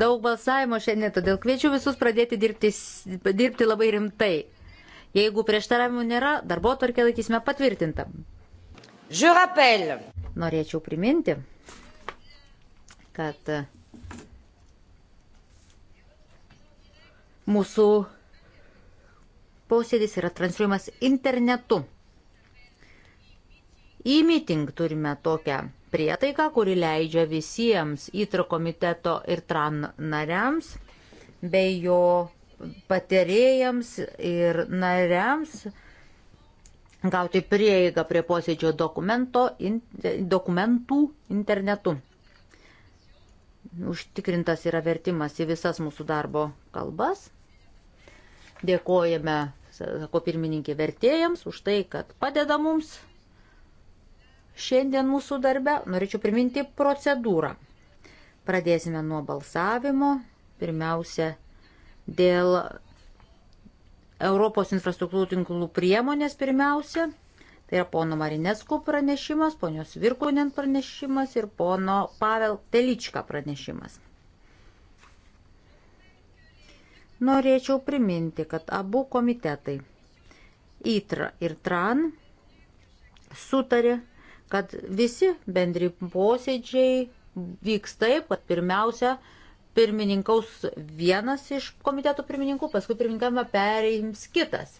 Daug balsavimo šiandien, todėl kviečiu visus pradėti dirbti, dirbti labai rimtai. Jeigu prieštaravimų nėra, darbo tvarkė laikysime patvirtintą. Norėčiau priminti, kad mūsų posėdis yra transliuojamas internetu. Į e meeting turime tokią prietaiką, kuri leidžia visiems įtro komiteto ir tran nariams bei jo patarėjams ir nariams gauti prieigą prie posėdžio in, dokumentų internetu. Užtikrintas yra vertimas į visas mūsų darbo kalbas. Dėkojame, sako pirmininkė, vertėjams už tai, kad padeda mums šiandien mūsų darbe. Norėčiau priminti procedūrą. Pradėsime nuo balsavimo. Pirmiausia, dėl Europos infrastruktūrų tinklų priemonės pirmiausia. Tai yra pono Marinesko pranešimas, ponios Virkunen pranešimas ir pono Pavel Telička pranešimas. Norėčiau priminti, kad abu komitetai ITRA ir TRAN sutarė kad visi bendri posėdžiai vyks taip, kad pirmiausia pirmininkaus vienas iš komiteto pirmininkų, paskui pirmininkavimą perims kitas.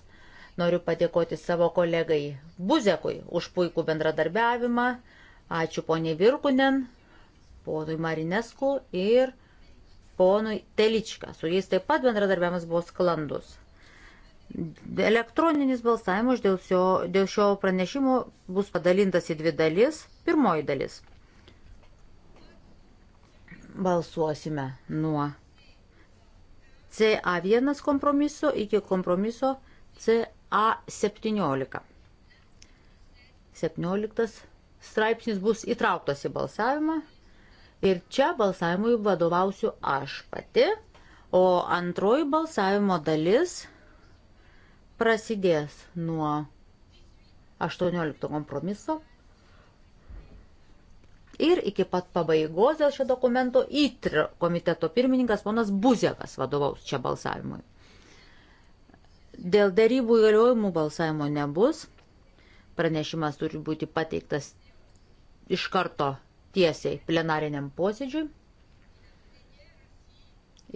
Noriu padėkoti savo kolegai Buzekui už puikų bendradarbiavimą. Ačiū poniai Virkunen, ponui Marinesku ir ponui Teličką. Su jais taip pat bendradarbiavimas buvo sklandus. Elektroninis balsavimas dėl šio, dėl šio pranešimo bus padalintas į dvi dalis. Pirmoji dalis. Balsuosime nuo CA1 kompromiso iki kompromiso CA17. 17 straipsnis bus įtrauktas į balsavimą ir čia balsavimui vadovausiu aš pati, o antroji balsavimo dalis – prasidės nuo 18 kompromiso ir iki pat pabaigos dėl šio dokumento ITR komiteto pirmininkas ponas Buzekas vadovaus čia balsavimui. Dėl darybų įgaliojimų balsavimo nebus. Pranešimas turi būti pateiktas iš karto tiesiai plenariniam posėdžiui.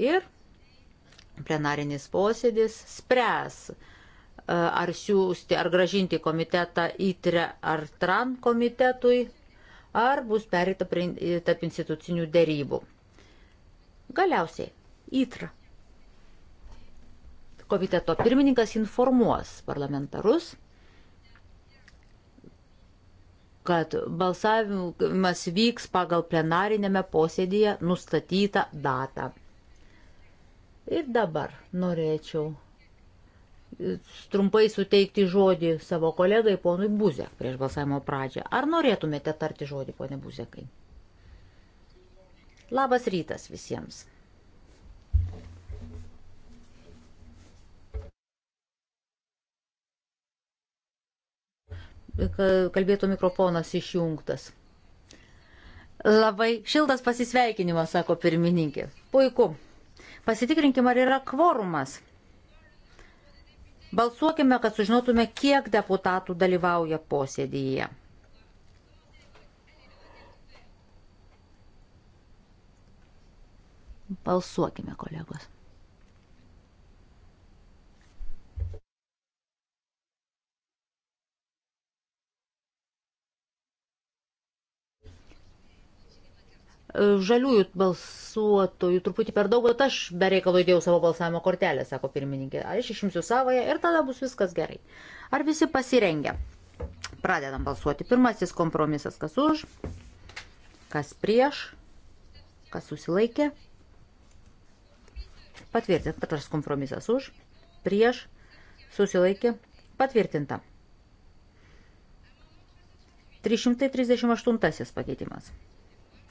Ir plenarinis posėdis spręs ar siūsti, ar gražinti komitetą įtre ar tran komitetui, ar bus perėta prie tarp institucinių dėrybų. Galiausiai įtra. Komiteto pirmininkas informuos parlamentarus, kad balsavimas vyks pagal plenarinėme posėdėje nustatytą datą. Ir dabar norėčiau trumpai suteikti žodį savo kolegai ponui Buzek prieš balsavimo pradžią. Ar norėtumėte tarti žodį, ponė Buzekai? Labas rytas visiems. Kalbėtų mikrofonas išjungtas. Labai šiltas pasisveikinimas, sako pirmininkė. Puiku. Pasitikrinkim, ar yra kvorumas. Balsuokime, kad sužinotume, kiek deputatų dalyvauja posėdyje. Balsuokime, kolegos. žaliųjų balsuotojų truputį per daug, bet aš be reikalo įdėjau savo balsavimo kortelę, sako pirmininkė. Aš išimsiu savoje ir tada bus viskas gerai. Ar visi pasirengę? Pradedam balsuoti. Pirmasis kompromisas, kas už, kas prieš, kas susilaikė. Patvirtinta, tas kompromisas už, prieš, susilaikė, patvirtinta. 338 pakeitimas.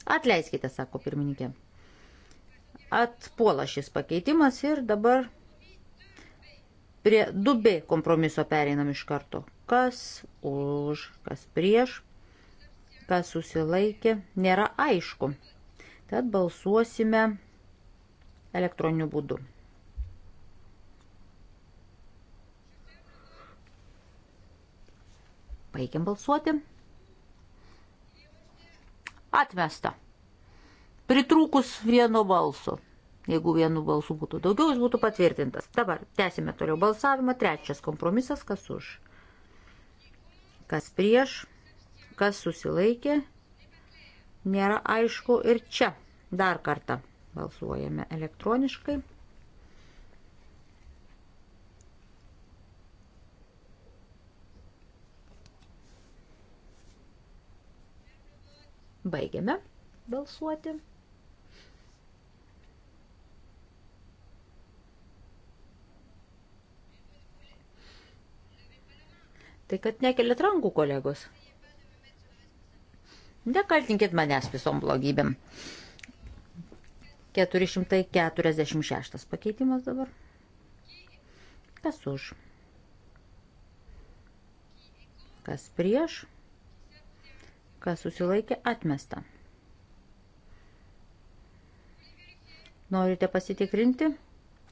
Atleiskite, sako pirmininkė. Atpuola šis pakeitimas ir dabar prie 2B kompromiso pereinam iš karto. Kas už, kas prieš, kas susilaikė, nėra aišku. Tad balsuosime elektroniniu būdu. Baigiam balsuoti. Atmesta. Pritrūkus vieno balso. Jeigu vienu balsu būtų daugiau, jis būtų patvirtintas. Dabar tęsime toliau balsavimą. Trečias kompromisas, kas už. Kas prieš, kas susilaikė, nėra aišku. Ir čia dar kartą balsuojame elektroniškai. Baigiame balsuoti. Tai kad nekeliat rankų, kolegos. Nekaltinkit manęs visom blogybėm. 446 pakeitimas dabar. Kas už? Kas prieš? kas susilaikė atmesta. Norite pasitikrinti?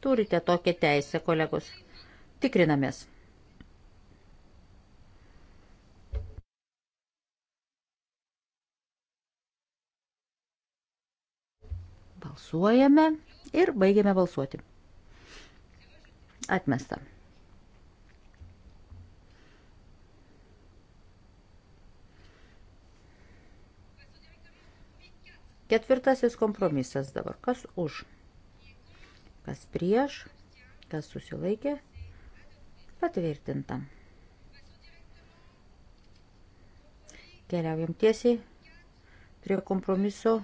Turite tokią teisę, kolegos. Tikrinamės. Balsuojame ir baigiame balsuoti. Atmesta. Ketvirtasis kompromisas dabar. Kas už? Kas prieš? Kas susilaikė? Patvirtinta. Keliaujam tiesiai prie kompromiso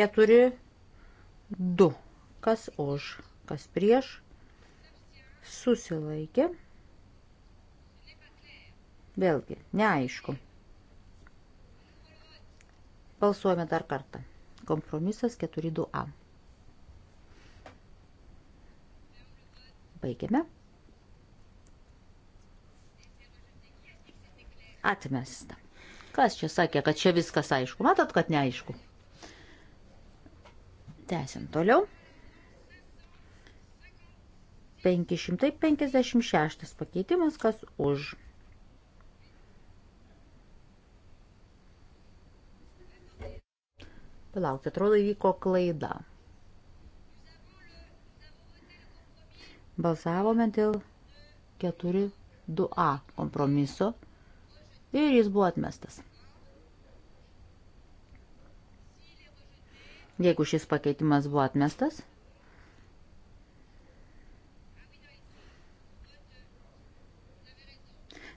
4, 2. Kas už? Kas prieš? Susilaikė. Vėlgi, neaišku. Balsuojame dar kartą. Kompromisas 42A. Baigiame. Atmesta. Kas čia sakė, kad čia viskas aišku? Matot, kad neaišku. Tęsim toliau. 556 pakeitimas, kas už. Palaukit, atrodo įvyko klaida. Balsavome dėl 4-2A kompromiso ir jis buvo atmestas. Jeigu šis pakeitimas buvo atmestas,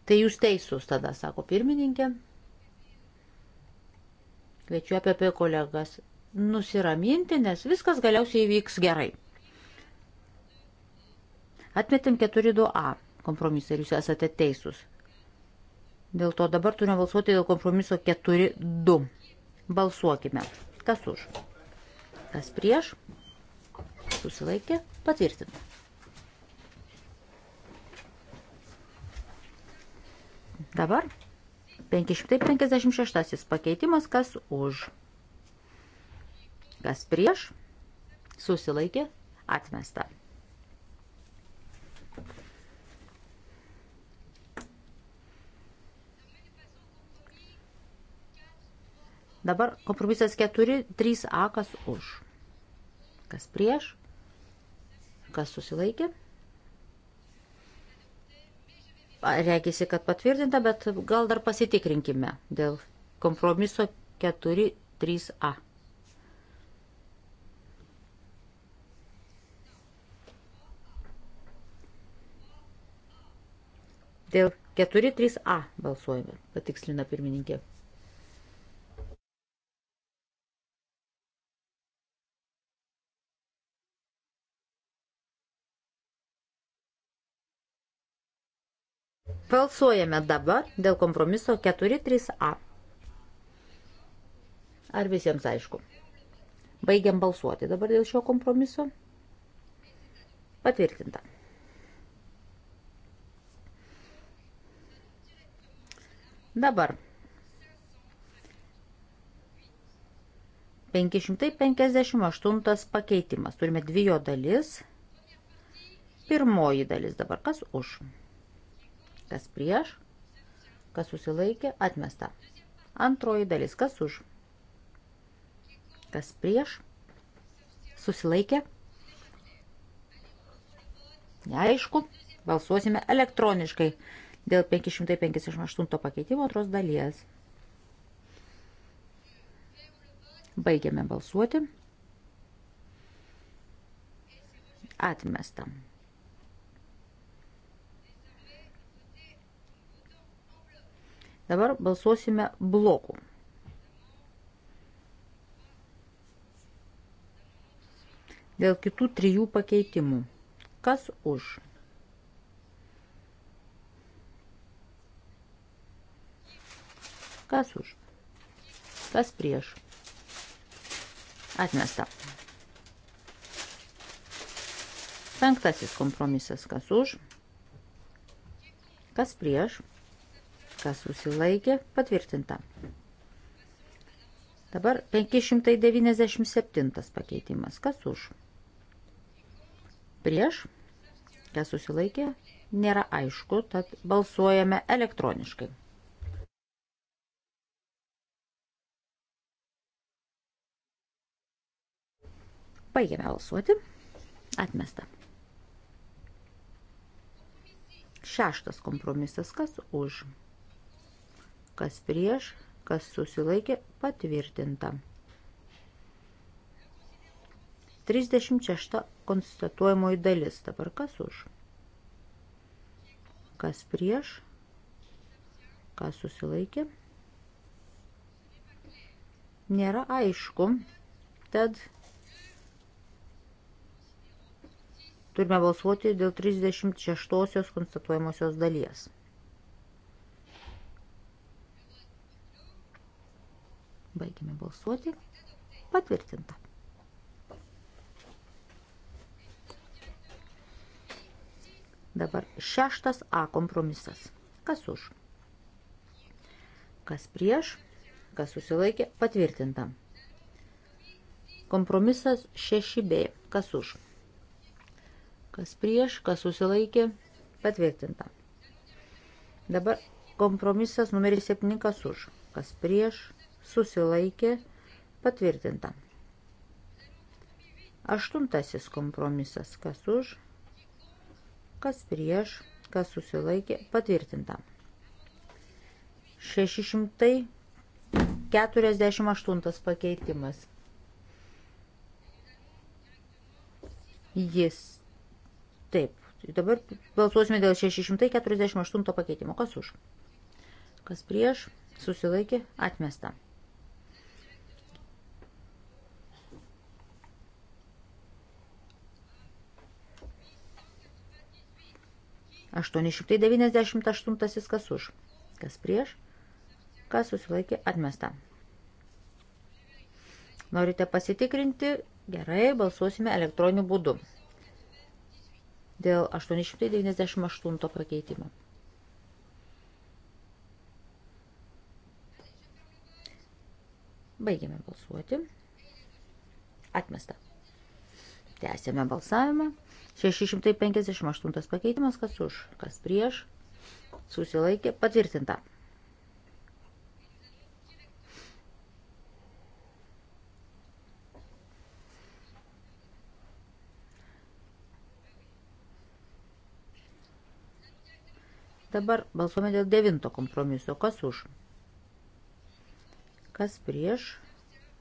tai jūs teisūs tada, sako pirmininkė. Kviečiu apie, apie kolegas nusiraminti, nes viskas galiausiai įvyks gerai. Atmetėm 4.2a kompromisą ir jūs esate teisūs. Dėl to dabar turime balsuoti dėl kompromiso 4.2. Balsuokime. Kas už? Kas prieš? Susilaikė. Patvirtinti. Dabar 556 pakeitimas, kas už, kas prieš, susilaikė, atmesta. Dabar kompromisas 4, 3a, kas už, kas prieš, kas susilaikė, atmesta Reikisi, kad patvirtinta, bet gal dar pasitikrinkime dėl kompromiso 4.3a. Dėl 4.3a balsuojame, patikslina pirmininkė. Balsuojame dabar dėl kompromiso 4.3a. Ar visiems aišku? Baigiam balsuoti dabar dėl šio kompromiso. Patvirtinta. Dabar 558 pakeitimas. Turime dvi jo dalis. Pirmoji dalis dabar kas už? Už kas prieš, kas susilaikė, atmesta. Antroji dalis, kas už, kas prieš, susilaikė, neaišku, balsuosime elektroniškai dėl 558 pakeitimo antros dalies. Baigiame balsuoti. Atmestam. Dabar balsuosime blokų. Dėl kitų trijų pakeitimų. Kas už? Kas už? Kas prieš? Atmesta. Penktasis kompromisas. Kas už? Kas prieš? kas susilaikė, patvirtinta. Dabar 597 pakeitimas. Kas už? Prieš, kas susilaikė, nėra aišku, tad balsuojame elektroniškai. Baigiame balsuoti. Atmesta. Šeštas kompromisas. Kas už? Prieš kas prieš, kas susilaikė patvirtinta. 36 konstatuojamoji dalis. Dabar kas už? Kas prieš? Kas susilaikė? Nėra aišku, tad turime balsuoti dėl 36 konstatuojamosios dalies. Baigime balsuoti. Patvirtinta. Dabar šeštas A kompromisas. Kas už? Kas prieš? Kas susilaikė? Patvirtinta. Kompromisas 6B. Kas už? Kas prieš? Kas susilaikė? Patvirtinta. Dabar kompromisas numeris 7. Kas už? Kas prieš? susilaikė patvirtinta. Aštuntasis kompromisas. Kas už, kas prieš, kas susilaikė patvirtinta. 648 pakeitimas. Jis. Taip. Dabar balsuosime dėl 648 pakeitimo. Kas už? Kas prieš? Susilaikė. Atmesta. 898 kas už, kas prieš, kas susilaikė atmesta. Norite pasitikrinti? Gerai, balsuosime elektroniniu būdu dėl 898 pakeitimo. Baigiame balsuoti. Atmesta. Tęsėme balsavimą. 658 pakeitimas, kas už, kas prieš, susilaikė, patvirtinta. Dabar balsuome dėl devinto kompromiso. Kas už? Kas prieš?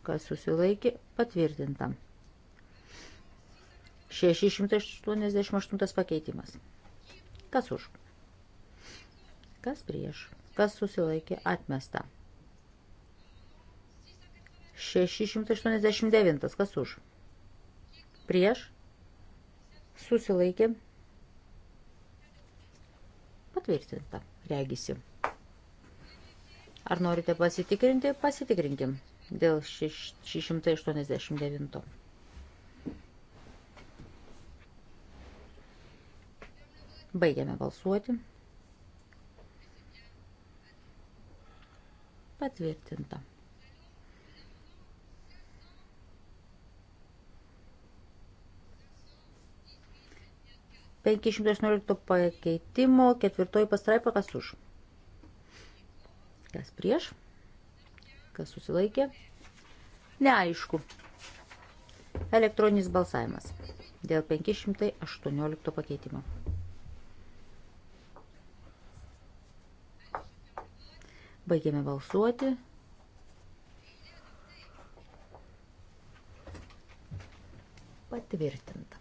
Kas susilaikė? Patvirtinta. 688 pakeitimas. Kas už? Kas prieš? Kas susilaikė atmesta? 689. Kas už? Prieš? Susilaikė. Patvirtinta. Regisi. Ar norite pasitikrinti? Pasitikrinkim. Dėl 689. Baigiame balsuoti. Patvirtinta. pakeitimo ketvirtoji pastraipa kas už. Kas prieš? Kas susilaikė? Neaišku. Elektroninis balsavimas dėl 518 pakeitimo. Baigėme balsuoti. Patvirtinta.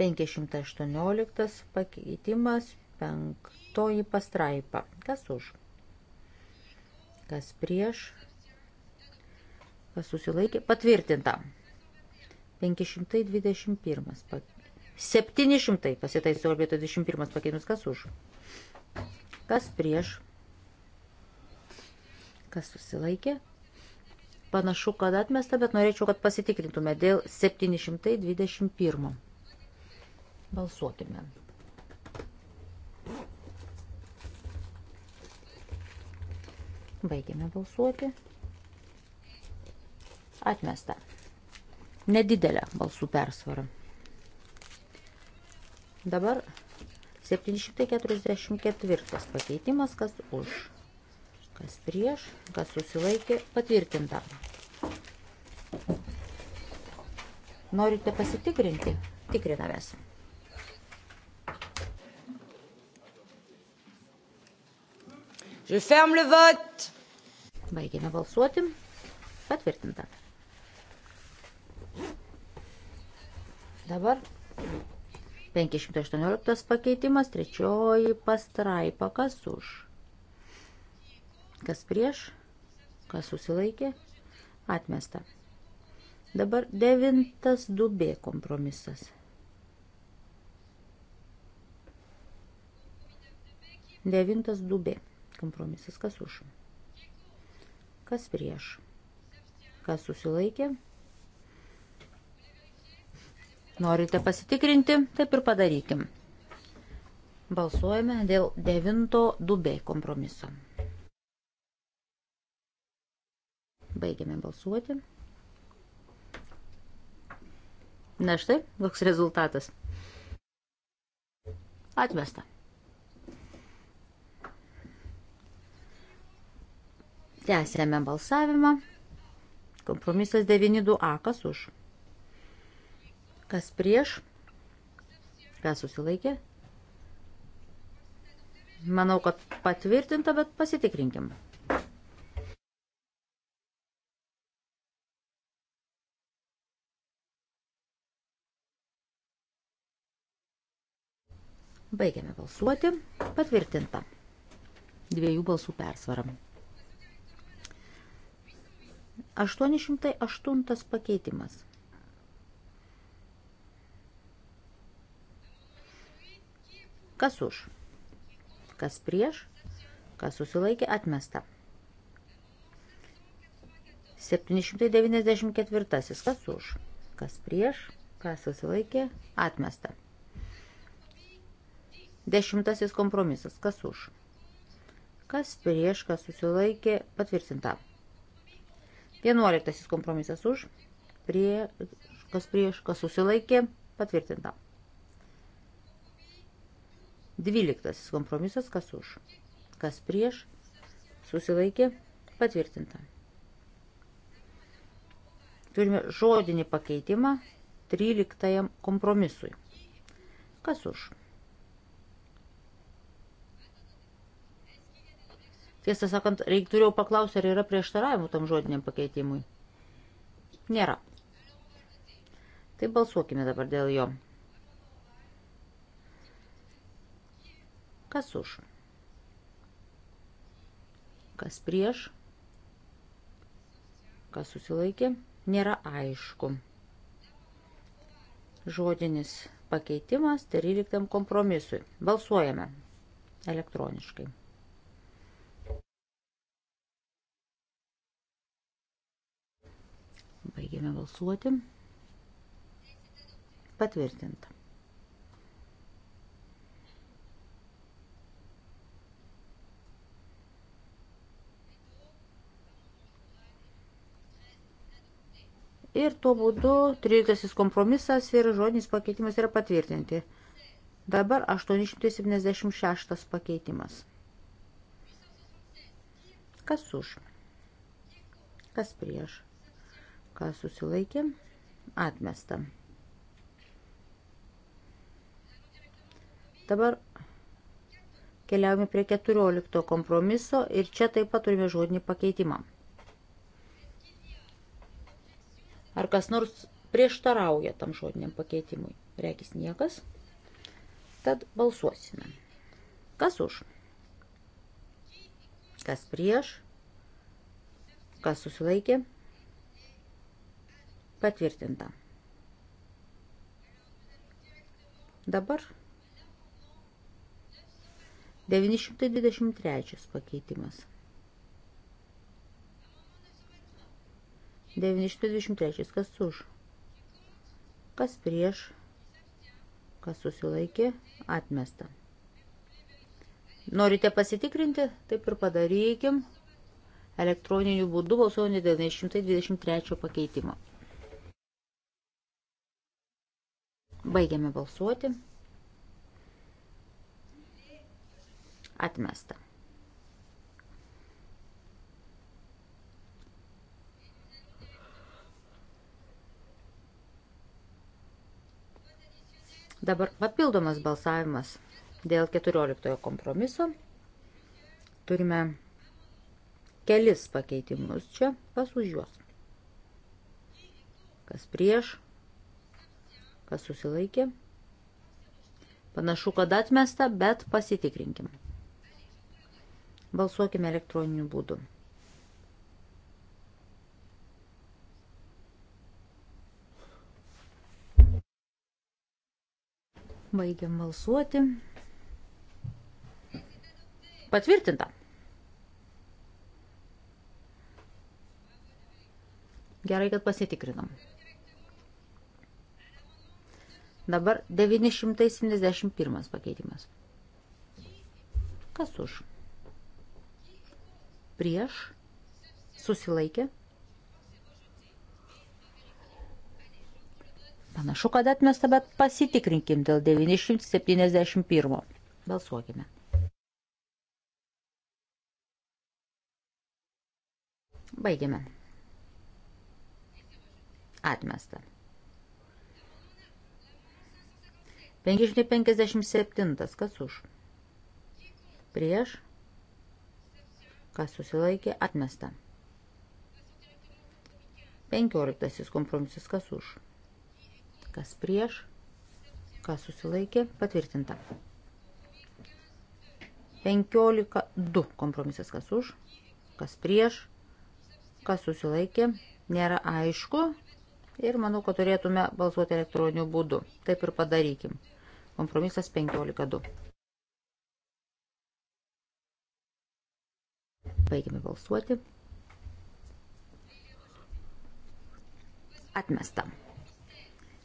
Penkišimtai aštuonioliktas pakeitimas, penktoji pastraipa. Kas už? Kas prieš? Kas susilaikė? Patvirtinta. 521 pakeitimas 700 pasitaiso orbito 21 pakeitimas. Kas už? Kas prieš? Kas susilaikė? Panašu, kad atmesta, bet norėčiau, kad pasitikrintume dėl 721. Balsuokime. Baigėme balsuoti. Atmesta. Nedidelė balsų persvara. Dabar 744 pakeitimas, kas už, kas prieš, kas susilaikė, patvirtinta. Norite pasitikrinti? Tikrinamės. Je ferme le vote. Baigėme balsuoti. Patvirtinta. Dabar 518 pakeitimas, trečioji pastraipa, kas už, kas prieš, kas susilaikė, atmesta. Dabar devintas dubė kompromisas. Devintas dubė kompromisas, kas už, kas prieš, kas susilaikė, atmesta Norite pasitikrinti, taip ir padarykim. Balsuojame dėl 9.2b kompromiso. Baigiame balsuoti. Na štai, koks rezultatas. Atmesta. Tęsėme balsavimą. Kompromisas 9.2a, kas už? Kas prieš? Kas susilaikė? Manau, kad patvirtinta, bet pasitikrinkim. Baigiame balsuoti. Patvirtinta. Dviejų balsų persvara. 808 pakeitimas. Kas už? Kas prieš? Kas susilaikė? Atmesta. 794. Kas už? Kas prieš? Kas susilaikė? Atmesta. Dešimtasis kompromisas. Kas už? Kas prieš? Kas susilaikė? Patvirtinta. Vienuoliktasis kompromisas už. Prie, kas prieš? Kas susilaikė? Patvirtinta. Dvyliktasis kompromisas, kas už, kas prieš, susilaikė, patvirtinta. Turime žodinį pakeitimą 13 kompromisui. Kas už? Tiesą sakant, reik turėjau paklausti, ar yra prieštaravimų tam žodiniam pakeitimui. Nėra. Tai balsuokime dabar dėl jo. Kas už? Kas prieš? Kas susilaikė? Nėra aišku. Žodinis pakeitimas 13 kompromisui. Balsuojame elektroniškai. Baigėme balsuoti. Patvirtinta. Ir tuo būdu 13 kompromisas ir žodinis pakeitimas yra patvirtinti. Dabar 876 pakeitimas. Kas už? Kas prieš? Kas susilaikė? Atmesta. Dabar keliaujame prie 14 kompromiso ir čia taip pat turime žodinį pakeitimą. Ar kas nors prieštarauja tam žodiniam pakeitimui? Reikis niekas. Tad balsuosime. Kas už? Kas prieš? Kas susilaikė? Patvirtinta. Dabar 923 pakeitimas. 923. Kas už? Kas prieš? Kas susilaikė? Atmesta. Norite pasitikrinti? Taip ir padarykim. Elektroniniu būdu balsuojant 923 pakeitimo. Baigiame balsuoti. Atmesta. Dabar papildomas balsavimas dėl 14 kompromiso. Turime kelis pakeitimus čia, kas už juos. Kas prieš, kas susilaikė. Panašu, kad atmesta, bet pasitikrinkim. Balsuokime elektroniniu būdu. Baigiam balsuoti. Patvirtinta. Gerai, kad pasitikrinam. Dabar 971 pakeitimas. Kas už? Prieš? Susilaikė? Panašu, kad atmesta, bet pasitikrinkim dėl 971. Balsuokime. Baigiame. Atmesta. 557. Kas už? Prieš. Kas susilaikė? Atmesta. 15. Kompromisas. Kas už? kas prieš, kas susilaikė, patvirtinta. 15.2 kompromisas, kas už, kas prieš, kas susilaikė, nėra aišku ir manau, kad turėtume balsuoti elektroniniu būdu. Taip ir padarykim. Kompromisas 15.2. Baigime balsuoti. Atmestam.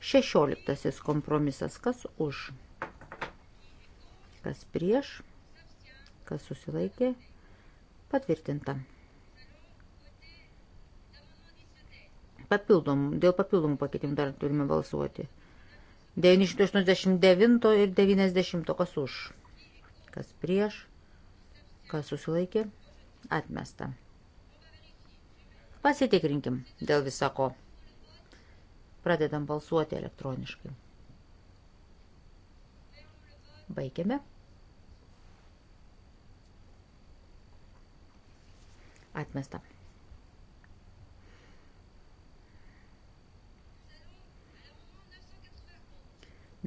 Šešioliktasis kompromisas. Kas už? Kas prieš? Kas susilaikė? Patvirtinta. Papildom, dėl papildomų pakeitimų dar turime balsuoti. 989 ir 90. Kas už? Kas prieš? Kas susilaikė? Atmesta. Pasitikrinkim dėl visako. ko. Pradedam balsuoti elektroniškai. Baigiame. Atmesta.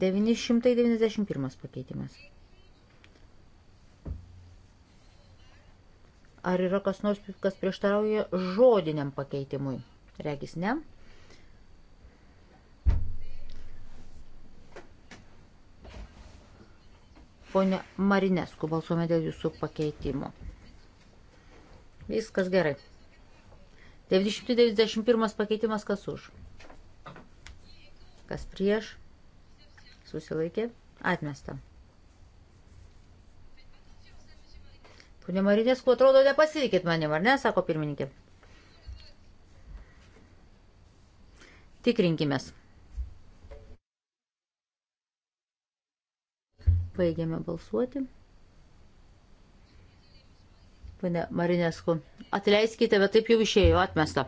Devyni šimtai devyniasdešimt pirmas pakeitimas. Ar yra kas nors, kas prieštarauja žodiniam pakeitimui? Regis ne. Ne. Pone Marinesku, balsuome dėl jūsų pakeitimo. Viskas gerai. 991 pakeitimas kas už? Kas prieš? Susilaikė. Atmesta. Pone Marinės, kuo atrodo, nepasitikit manim, ar ne, sako pirmininkė. Tikrinkimės. Baigiame balsuoti. Pane Marinesku, atleiskite, bet taip jau išėjo, atmesta.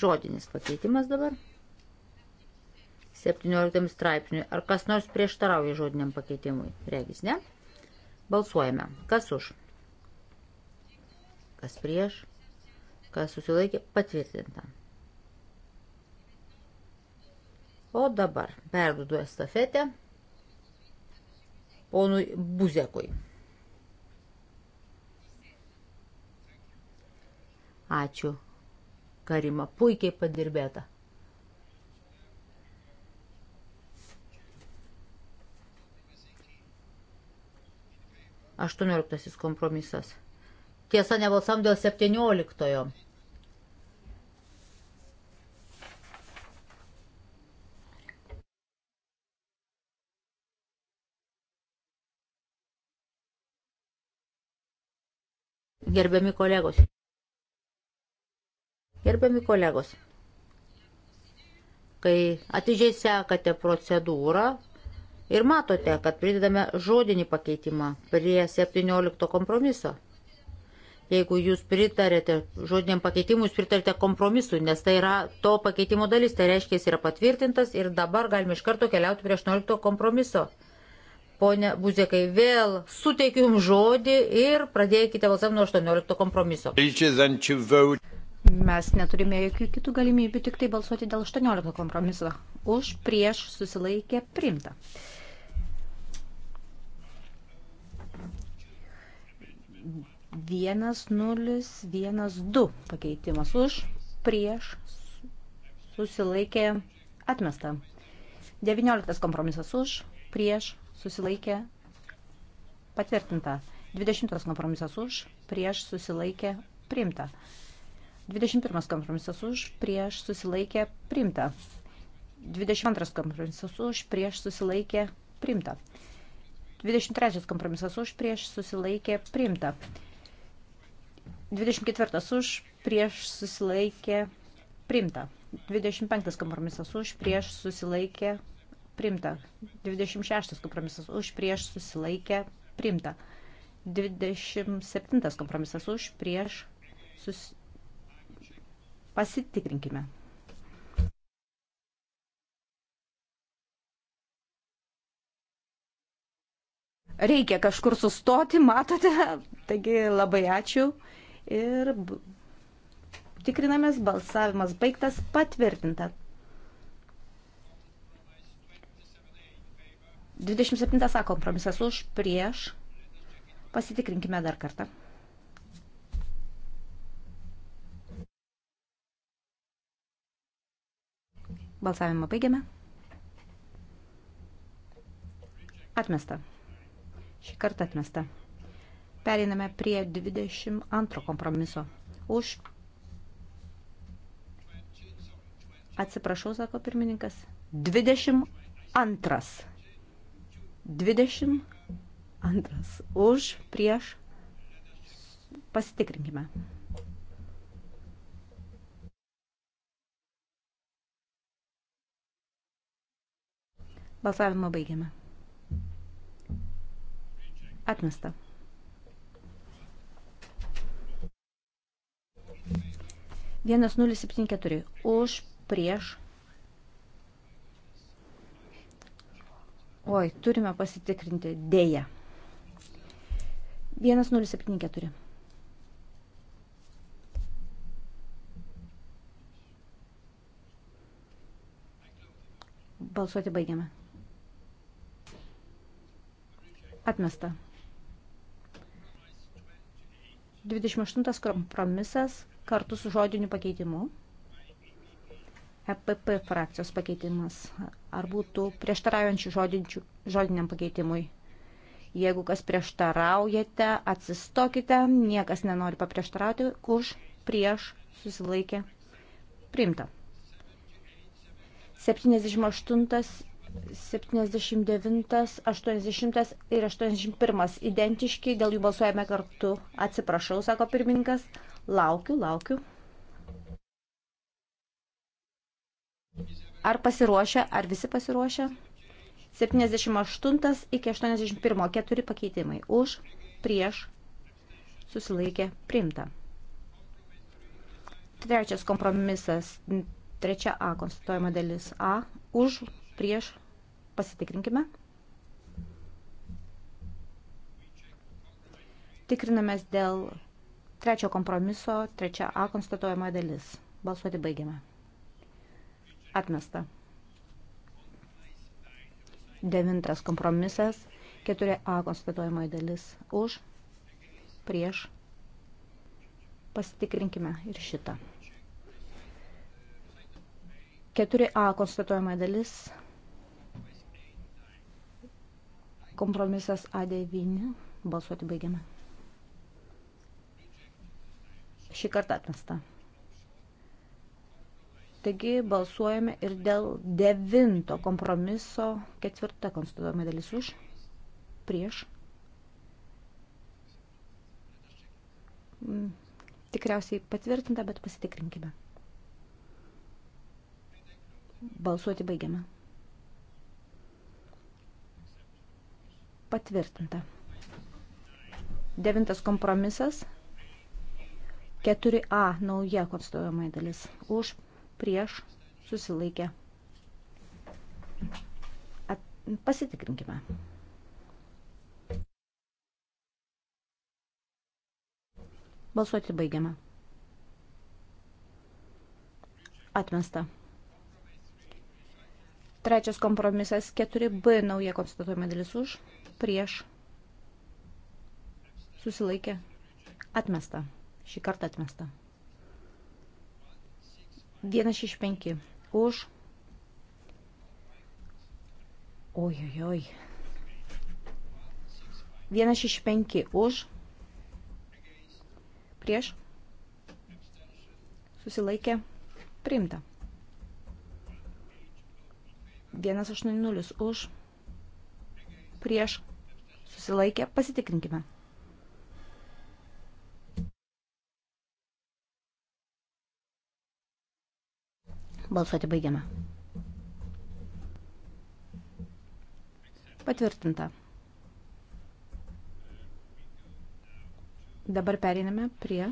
Žodinis pakeitimas dabar. 17 straipsniui. Ar kas nors prieštarauja žodiniam pakeitimui? Regis, ne? Balsuojame. Kas už? Kas prieš? Kas susilaikė? Patvirtinta. O dabar perduodu estafetę ponui Buzekui. Ačiū, Karima, puikiai padirbėta. Aštuonioliktasis kompromisas. Tiesa, nebalsam dėl septynioliktojo. Gerbiami kolegos. Gerbiami kolegos. Kai atidžiai sekate procedūrą ir matote, kad pridedame žodinį pakeitimą prie 17 kompromiso. Jeigu jūs pritarėte žodiniam pakeitimui, jūs pritarėte kompromisui, nes tai yra to pakeitimo dalis, tai reiškia, jis yra patvirtintas ir dabar galime iš karto keliauti prie 18 kompromiso. Pone Buzekai, vėl suteikiu Jums žodį ir pradėkite balsavimą nuo 18 kompromiso. Mes neturime jokių kitų galimybių, tik tai balsuoti dėl 18 kompromiso. Už, prieš, susilaikė, primta. Vienas, nulis, vienas, du pakeitimas. Už, prieš, susilaikė, atmesta. 19 kompromisas už, prieš, susilaikė patvirtinta. 20 kompromisas už, prieš susilaikė priimta. 21 kompromisas už, prieš susilaikė priimta. 22 kompromisas už, prieš susilaikė priimta. 23 kompromisas už, prieš susilaikė priimta. 24 už, prieš susilaikė priimta. 25 kompromisas už, prieš susilaikė priimta primta. 26 kompromisas už, prieš susilaikė, primta. 27 kompromisas už, prieš sus... pasitikrinkime. Reikia kažkur sustoti, matote, taigi labai ačiū ir tikrinamės, balsavimas baigtas, patvirtinta. 27 A kompromisas už, prieš. Pasitikrinkime dar kartą. Balsavimą baigiame. Atmesta. Šį kartą atmesta. Pereiname prie 22 kompromiso. Už. Atsiprašau, sako pirmininkas. 22 22 už prieš pasitikrinkime. Balsavimą baigiame. Atmesta. Vienas nulis septyni keturi už prieš Oi, turime pasitikrinti dėją. 1074. Balsuoti baigiame. Atmesta. 28 kompromisas kartu su žodiniu pakeitimu. EPP frakcijos pakeitimas. Ar būtų prieštaraujančių žodinčių, žodiniam pakeitimui? Jeigu kas prieštaraujate, atsistokite, niekas nenori paprieštarauti, už, prieš, susilaikė, primta. 78 79, 80 ir 81 identiški, dėl jų balsuojame kartu. Atsiprašau, sako pirmininkas. Laukiu, laukiu. Ar pasiruošę, ar visi pasiruošę? 78 iki 81 keturi pakeitimai. Už, prieš, susilaikė, priimta. Trečias kompromisas, trečia A konstatuojama dalis A. Už, prieš, pasitikrinkime. Tikrinamės dėl trečio kompromiso, trečia A konstatuojama dalis. Balsuoti baigiame. Atmesta. Devintas kompromisas. 4A konstatuojamoji dalis. Už. Prieš. Pasitikrinkime ir šitą. 4A konstatuojamoji dalis. Kompromisas A9. Balsuoti baigiame. Šį kartą atmesta. Taigi balsuojame ir dėl devinto kompromiso ketvirta konstatuojama dalis už, prieš. Mm, tikriausiai patvirtinta, bet pasitikrinkime. Balsuoti baigiame. Patvirtinta. Devintas kompromisas. 4A nauja konstatuojamoji dalis. Už prieš susilaikė. At, pasitikrinkime. Balsuoti baigiame. Atmesta. Trečias kompromisas 4b nauja konstatuojama dalis už, prieš, susilaikė, atmesta. Šį kartą atmesta. 165 už. Oi, oi, oi. 165 už. Prieš. Susilaikė. Priimta. 180 už. Prieš. Susilaikė. Pasitikrinkime. Balsuoti baigiame. Patvirtinta. Dabar periname prie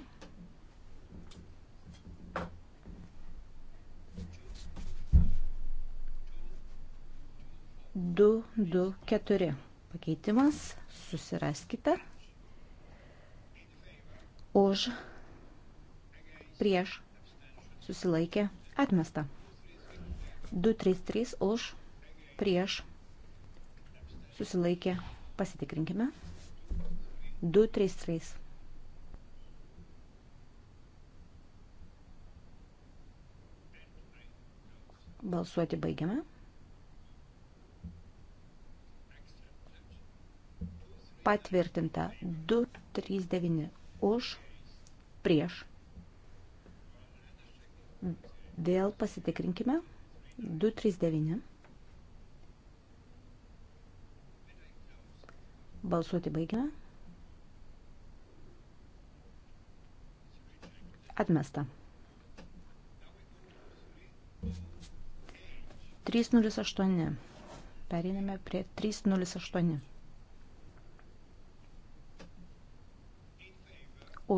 du, du, keturi. Pakeitimas. Susiraskite. Už. Prieš. Susilaikė. Atmesta. 233 už, prieš, susilaikė, pasitikrinkime. 233. Balsuoti baigiame. Patvirtinta 239 už, prieš, Vėl pasitikrinkime. 239. Balsuoti baigime. Atmesta. 308. Pereiname prie 308.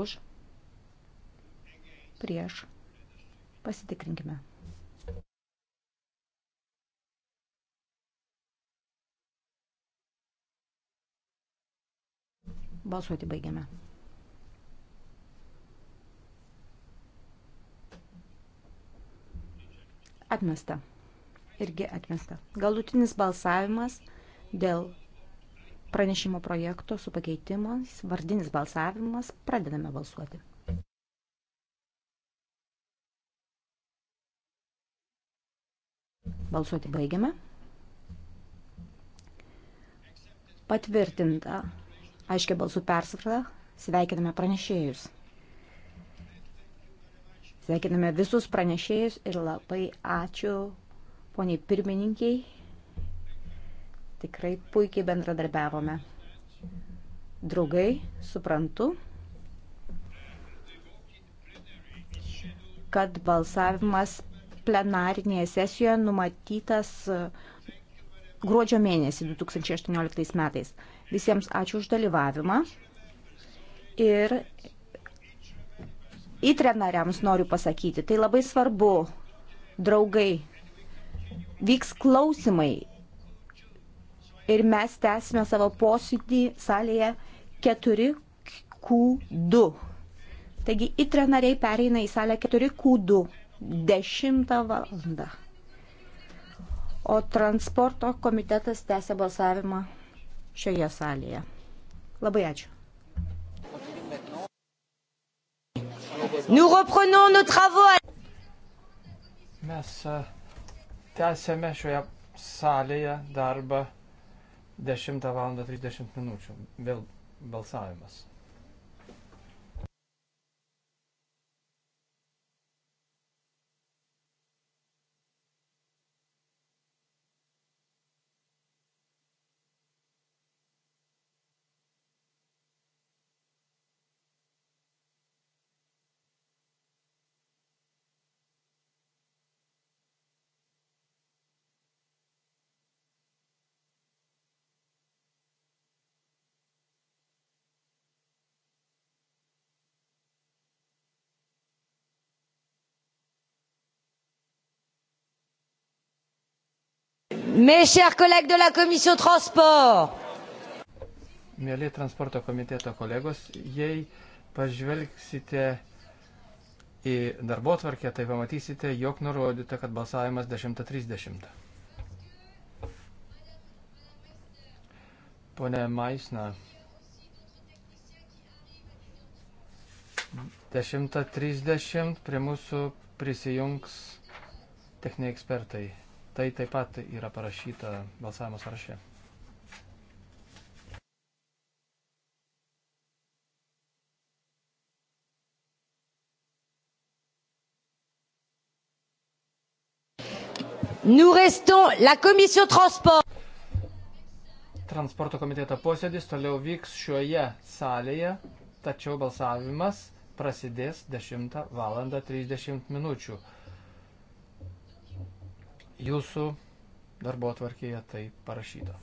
Už. Prieš. Pasitikrinkime. Balsuoti baigiame. Atmesta. Irgi atmesta. Galutinis balsavimas dėl pranešimo projekto su pakeitimais, vardinis balsavimas, pradedame balsuoti. Balsuoti baigiame. Patvirtinta. Aiškiai balsų persvarą. Sveikiname pranešėjus. Sveikiname visus pranešėjus ir labai ačiū poniai pirmininkiai. Tikrai puikiai bendradarbiavome. Draugai, suprantu, kad balsavimas plenarinėje sesijoje numatytas e, gruodžio mėnesį 2018 metais. Visiems ačiū už dalyvavimą. Ir įtrenariams noriu pasakyti, tai labai svarbu, draugai, vyks klausimai ir mes tęsime savo posėdį salėje 4Q2. Taigi įtrenariai pereina į salę 4Q2. 10 valandą. O transporto komitetas tęsia balsavimą šioje salėje. Labai ačiū. Mes e, tęsėme šioje salėje darbą 10 val. 30 min. Vėl balsavimas. Mes chers collègues de la Commission transport. Mėly transporto komiteto kolegos, jei pažvelgsite į darbo tvarkę, tai pamatysite, jog nurodyta, kad balsavimas 10.30. Pone Maisna, 10.30 prie mūsų prisijungs techniniai ekspertai. Tai taip pat yra parašyta balsavimo sąraše. Nous restons la commission transport. Transporto komiteto posėdis toliau vyks šioje salėje, tačiau balsavimas prasidės 10 val. 30 minučių jūsų darbo atvarkėje tai parašyta.